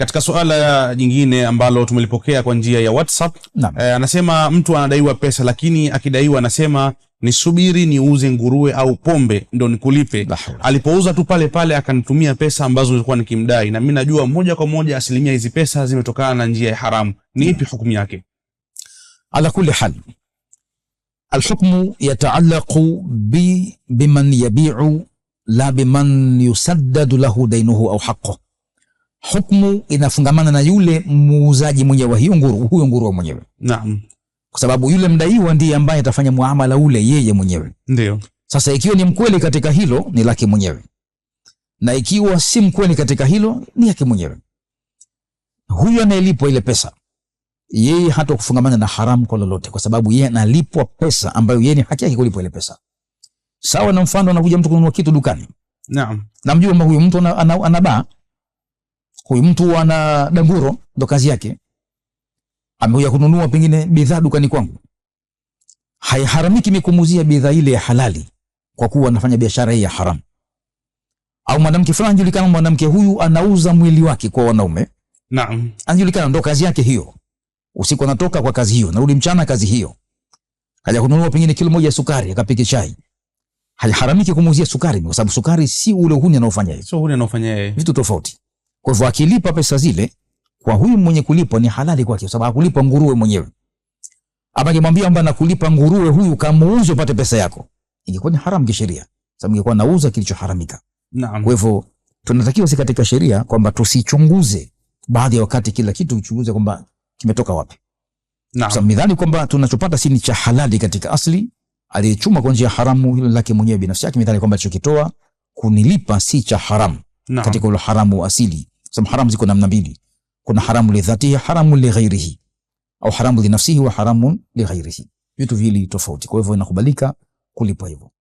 Katika suala jingine ambalo tumelipokea kwa njia ya WhatsApp eh, anasema mtu anadaiwa pesa, lakini akidaiwa anasema nisubiri niuze nguruwe au pombe ndo nikulipe. Alipouza tu pale pale akanitumia pesa ambazo nilikuwa nikimdai, na mimi najua moja kwa moja asilimia hizi pesa zimetokana na njia ya haramu. Ni ipi hukumu yake? ala kulli hal alhukmu yataallaqu bi biman yabiu la biman yusaddadu lahu dainuhu au haqquhu hukmu inafungamana na yule muuzaji mwenye wa hiyo nguru, huyo nguruwe mwenyewe. Naam, kwa sababu yule mdaiwa ndiye ambaye atafanya muamala ule yeye mwenyewe. Ndio. Sasa ikiwa ni mkweli katika hilo ni lake mwenyewe, na ikiwa si mkweli katika hilo ni yake mwenyewe. Huyo anayelipwa ile pesa yeye hata kufungamana na haramu kwa lolote, kwa sababu yeye analipwa pesa ambayo yeye ni haki yake kulipwa ile pesa. Sawa na mfano, anakuja mtu kununua kitu dukani. Naam, namjua huyo mtu anabaa ana, ana Huyu mtu ana danguro, ndo kazi yake, amekuja kununua pengine bidhaa dukani kwangu, haiharamiki mimi kumuuzia bidhaa ile ya halali, kwa kuwa anafanya biashara hii ya haramu. Au mwanamke fulani anajulikana, mwanamke huyu anauza mwili wake kwa wanaume, naam, anajulikana, ndo kazi yake hiyo. Usiku anatoka kwa kazi hiyo, narudi mchana kazi hiyo. Kaja kununua pengine kilo moja ya sukari, akapika chai haiharamiki kumuuzia sukari, kwa sababu sukari si ule uhuni anaofanya yeye. So uhuni anaofanya yeye vitu tofauti. Kwa hivyo akilipa pesa zile kwa huyu mwenye kulipa ni halali kwake, kwa sababu akulipa nguruwe mwenyewe. Ama kimwambia kwamba nakulipa nguruwe huyu kamuuze upate pesa yako, ingekuwa ni haramu kisheria, sababu ingekuwa nauza kilichoharamika. Naam. Kwa hivyo tunatakiwa si katika sheria kwamba tusichunguze baadhi ya wakati kila kitu uchunguze kwamba kimetoka wapi. Naam. Sababu midhani kwamba tunachopata si ni cha halali katika asli, aliyechuma kwa njia haramu hilo lake mwenyewe binafsi yake, midhani kwamba alichokitoa kunilipa si cha haramu katika ule haramu asili sababu haramu ziko namna mbili, kuna haramu li dhatihi, haramu li ghairihi, au haramu li nafsihi wa haramu li ghairihi, vitu vili tofauti. Kwa hivyo inakubalika kulipa hivyo.